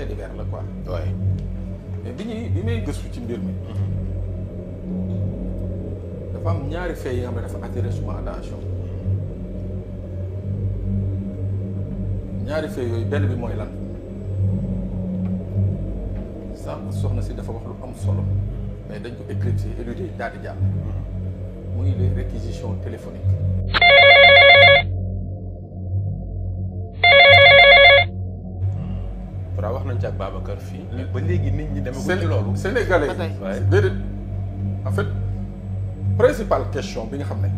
fait divers la quoi. waaye mais bi ñuy bi may gëstu ci mbir mi. dafa am ñaari faits yi nga xam ne dafa attiré attention ñaari faits yooyu benn bi mooy lan sànq soxna si dafa wax lu am solo mais dañ ko éclipsé éluder daal di jàll. Mm-hmm. muy les réquisitions téléphoniques. ci ak fii. ba léegi nit ñi demee ko ci loolu. Sénégalais yi en fait principale question bi nga xam ne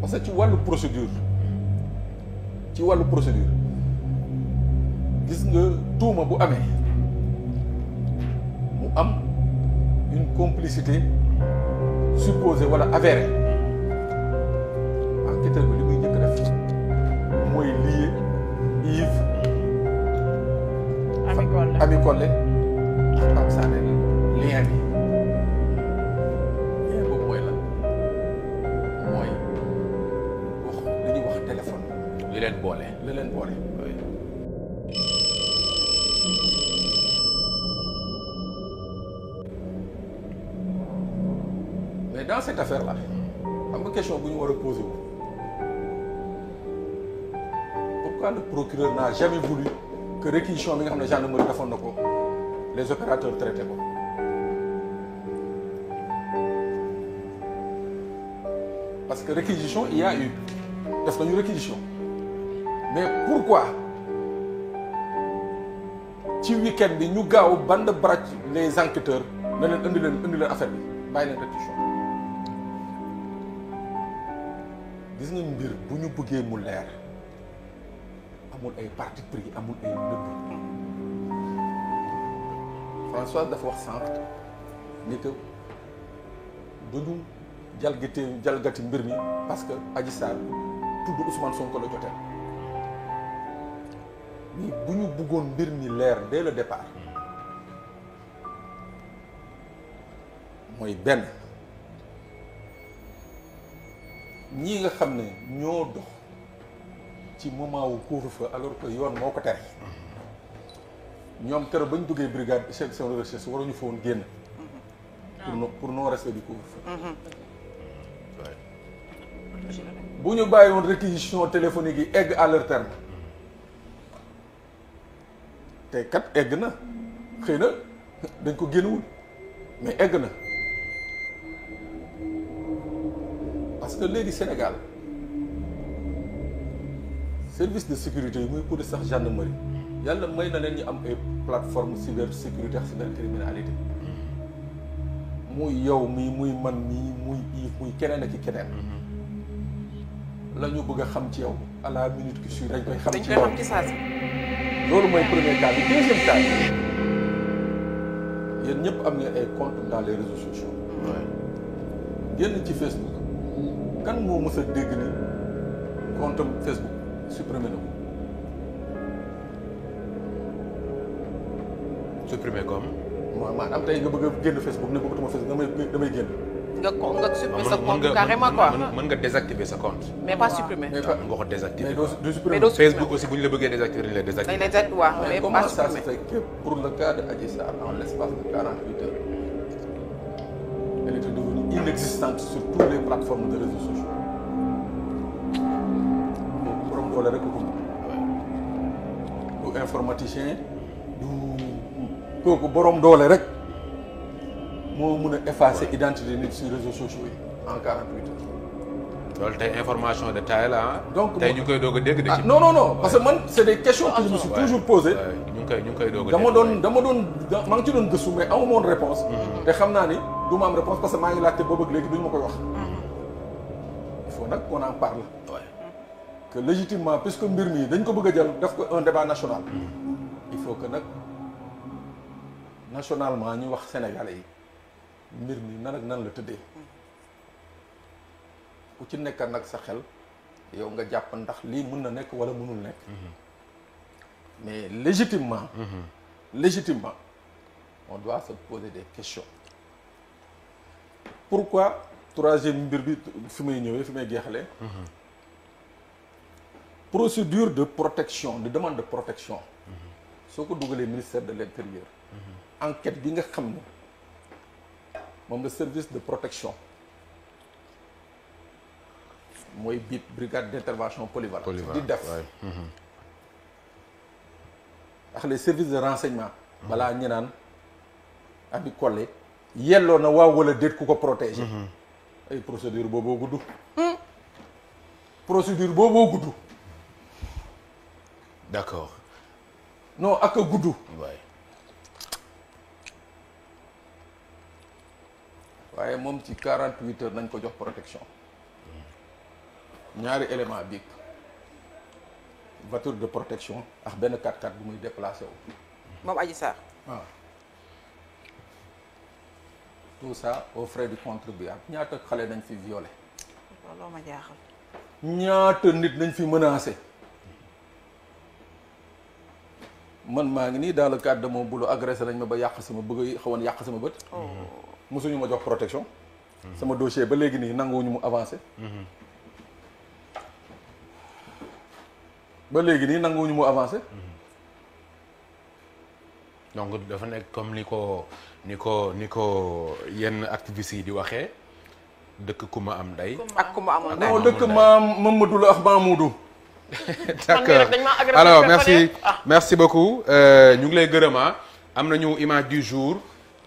parce que ci wàllu procédure ci wàllu procédure gis nga tuuma bu amee mu am une complicité supposée wala avérée enquêteur bi Ami Collé ak Pape Sané lien bi lien boobu mooy lan mooy wax li ñuy wax téléphone. li leen boole li leen boole. mais dans cette affaire là am nga question bu ñu war a poser pourquoi le procureur n'a jamais voulu. que réquisition bi nga xam ne gendarmerie defoon na ko les opérateurs traité ko parce que réquisition il y eu def nañu réquisition mais pourquoi ci week bi ñu gaaw bande braque les enquêteurs na leen indi leen indi affaire bi bàyyi leen réquisition gis nga mbir bu ñu buggee mu leer amul ay parti pris amul ay nëbb François dafa wax sànq ni que du ñu jalgati mbir mi parce que Adji Sarr tudd Ousmane Sonko la jotee mais bu ñu bëggoon mbir mi leer dès le départ mooy benn ñii nga xam ne ñoo dox ci moment wu couvre-feu alors que yoon moo ko tere ñoom keroog ba ñu duggee brigade section de recherche waruñu fa woon génn. pour non pour non respect du couvre-feu. bu ñu bàyyi woon réquisition téléphonique yi egg à leur terme te kat egg na xëy na dañ ko génnewul mais egg na parce que léegi Sénégal. service de sécurité yi muy police sax gendarmerie yàlla may na leen ñu am ay plateforme cyber sécurité ak cyber criminalité muy yow mii muy man mii muy Yves muy keneen ak keneen. la ñu bëgg a xam ci yow alaa la minute qui suit dañ koy xam ci yow loolu mooy premier cas bi deuxième ñëpp am ngeen ay compte dans les réseaux sociaux. génn ci Facebook kan moo mës a dégg ni compte Facebook. supprimé na ko. supprimer comme. waaw maanaam tey nga bëgg a génn Facebook ne bëggatuma Facebook damay damay génn. nga ko nga supprimer sa compte carrément quoi mën nga désactiver sa compte. mais pas supprimer. mais ah, pas nga ko désactiver. mais doo Facebook aussi bu ñu la bëggee désactiver dañu lay désactiver. dañu lay waaw mais comment ça se fait que pour le cas de Adji Sarr en l'espace de 48 heures elle était devenue inexistante sur toutes les plateformes de réseaux sociaux. wala rek ko kooku borom doole rek moo mun a effacer identité nit si réseaux sociaux yi en 48 de taille la ah. donc tey ñu koy doog a dégg de. ci ah, non non parce que man c' est des questions que je koy ñu ngi koy dama doon dama doon maa ci doon gëstu mais amu ma woon réponse mm-hmm. te xam naa ni du ma am réponse parce que maa ngi laajte ba bëgg léegi duñ ma koy wax. Mm-hmm. il faut nag qu'on en parle. que légitimement que mbir mi dañ ko bëgg a jël def ko un débat national mm-hmm. il faut que nag nationalement ñu wax sénégalais yi mbir mi nan ak nan la tëdde mm-hmm. ku ci nekk nag sa xel yow nga jàpp ndax lii mun na nekk wala mënul nekk mm-hmm. mais légitimement légitimement on doit se poser des questions pourquoi troisième mbir bi fi may ñëwee fi may jeexalee procédure de protection de demande de protection soo ko dugalee ministère de l'intérieur enquête bi nga xam ne moom nga service de protection mooy biit brigade d'intervention polyvalente di def ndax les service de renseignement balaa ñu naan Abi Collé yelloo na waaw wala déet ku ko protéger mhm. ay procédure booboo gudd hmm. procédure booboo gudd d'accord non ak a gudd. waaye moom ci quarante huit nañ ko jox protection ñaari élément bi voiture de protection ak benn 4 x bu muy déplacé wu. moom Adji Sarr. waaw ah. tout ça aux frais du contribuable ñaata xale nañ fi violé. looloo ñaata nit nañ fi menacé. man maa ngi nii dans le cadre de mon boulot agressé nañ ma ba yàq sama bëgg a xawoon yàq sama bët oh. mosuñu ma jox protection sama dossier ba léegi nii ñu mu avancé mm-hmm. ba léegi nii nanguwuñu mu avancé mm-hmm. donc dafa nekk comme ni ko ni ko ni ko yenn activistes yi di waxee dëkk ku ma am ndey ak ku ma amul ndey non dëkk maam Mamadou la ak Mamoudou d'accord alors merci ah. merci beaucoup euh, ñu ngi lay gërëmaa ah. am nañu image du jour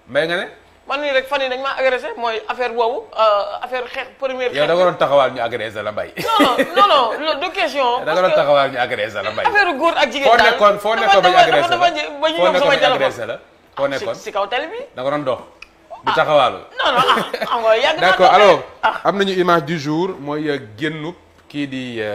mbay nga ne. man nii rek fan yii dañ maa agressé mooy affaire boobu euh, affaire xeex première. xeex yow da doon taxawaal ñu agressé la mbay. non non non da nga taxawaal ñu agressé la mbay. affaire góor ak foo nekkoon foo nekkoon ba ñu agressé la ba ñu ñëw sama téléphone foo ah, nekkoon si kaw tali bi. da nga doon dox. du taxawaalu. non non ah xam nga yàgg image du jour mooy euh, génnu kii di.